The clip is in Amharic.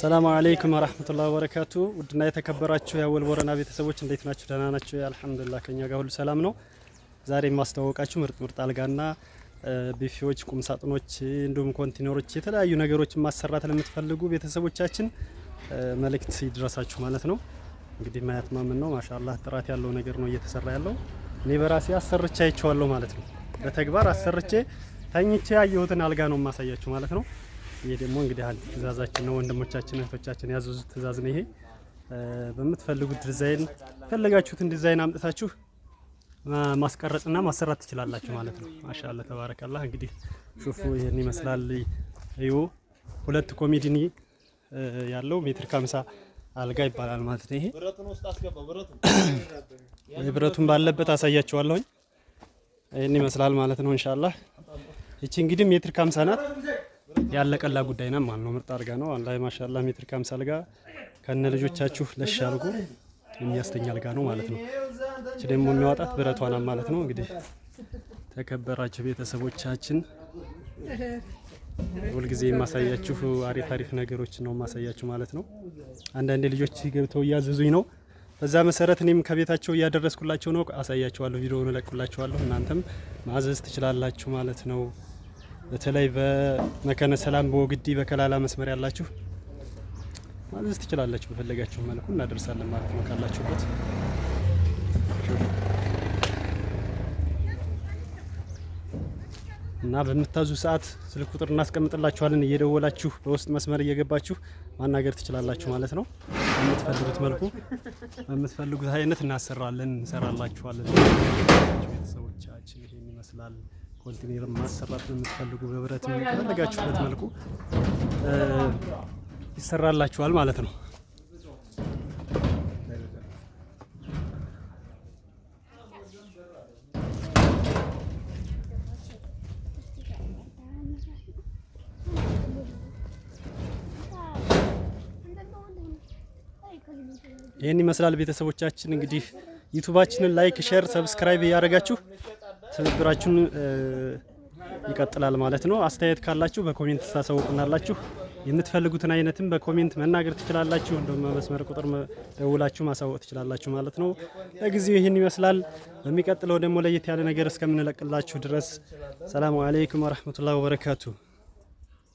ሰላም አለይኩም ወራህመቱላሂ ወበረካቱ። ውድና የተከበራችሁ የአወል ቦረና ቤተሰቦች እንዴት ናችሁ? ደህና ናችሁ? አልሐምዱሊላህ ከኛ ጋር ሁሉ ሰላም ነው። ዛሬ የማስተዋወቃችሁ ምርጥ ምርጥ አልጋና ቢፌዎች፣ ቁም ሳጥኖች፣ እንዲሁም ኮንቴነሮች የተለያዩ ነገሮችን ማሰራት ለምትፈልጉ ቤተሰቦቻችን መልእክት ይድረሳችሁ ማለት ነው። እንግዲህ ማየት ማመን ነው። ማሻአላህ ጥራት ያለው ነገር ነው እየተሰራ ያለው። እኔ በራሴ አሰርቼ አይቼዋለሁ ማለት ነው። በተግባር አሰርቼ ተኝቼ ያየሁትን አልጋ ነው የማሳያችሁ ማለት ነው። ይሄ ደግሞ እንግዲህ አንድ ትእዛዛችን ነው። ወንድሞቻችን እህቶቻችን ያዘዙት ትእዛዝ ነው። ይሄ በምትፈልጉት ዲዛይን ፈለጋችሁትን ዲዛይን አምጥታችሁ ማስቀረጽና ማሰራት ትችላላችሁ ማለት ነው። ማሻአላ ተባረካላ። እንግዲህ ሹፉ ይሄን ይመስላል። እዩ ሁለት ኮሚዲኒ ያለው ሜትር ከምሳ አልጋ ይባላል ማለት ነው። ይሄ ብረቱን ባለበት አሳያችኋለሁኝ። ይህን ይመስላል ማለት ነው። እንሻላ ይቺ እንግዲህ ሜትር ከምሳ ናት። ያለቀላ ጉዳይ ነው ማለት ነው። ምርጥ አድርጋ ነው አላህ ማሻአላ ሜትር ከአምሳ አልጋ ከነ ልጆቻችሁ ለሽ አድርጎ የሚያስተኛ አልጋ ነው ማለት ነው። እቺ ደግሞ የሚያወጣት ብረቷና ማለት ነው። እንግዲህ ተከበራችሁ ቤተሰቦቻችን ሁልጊዜ የማሳያችሁ አሪፍ አሪፍ ነገሮች ነው የማሳያችሁ ማለት ነው። አንዳንዴ ልጆች ገብተው እያዘዙኝ ነው። በዛ መሰረት እኔም ከቤታቸው እያደረስኩላቸው ነው። አሳያችኋለሁ፣ ቪዲዮውን እለቁላችኋለሁ። እናንተም ማዘዝ ትችላላችሁ ማለት ነው። በተለይ በመከነ ሰላም፣ በወግዲ፣ በከላላ መስመር ያላችሁ ማዘዝ ትችላላችሁ። በፈለጋችሁ መልኩ እናደርሳለን ማለት ነው ካላችሁበት እና በምታዙ ሰዓት ስልክ ቁጥር እናስቀምጥላችኋለን። እየደወላችሁ በውስጥ መስመር እየገባችሁ ማናገር ትችላላችሁ ማለት ነው። በምትፈልጉት መልኩ በምትፈልጉት አይነት እናሰራለን፣ እንሰራላችኋለን። ቤተሰቦቻችን ይሄን ይመስላል። ኮንቲኔር ማሰራት የምትፈልጉ በብረት በፈለጋችሁበት መልኩ ይሰራላችኋል ማለት ነው። ይህን ይመስላል ቤተሰቦቻችን። እንግዲህ ዩቱባችንን ላይክ፣ ሼር፣ ሰብስክራይብ እያደረጋችሁ ትብብራችሁን ይቀጥላል ማለት ነው። አስተያየት ካላችሁ በኮሜንት ታሳውቁናላችሁ። የምትፈልጉትን አይነትም በኮሜንት መናገር ትችላላችሁ። እንደውም መስመር ቁጥር ደውላችሁ ማሳወቅ ትችላላችሁ ማለት ነው። ለጊዜው ይህን ይመስላል። በሚቀጥለው ደግሞ ለየት ያለ ነገር እስከምንለቅላችሁ ድረስ ሰላሙ አለይኩም ወረህመቱላሂ ወበረካቱ።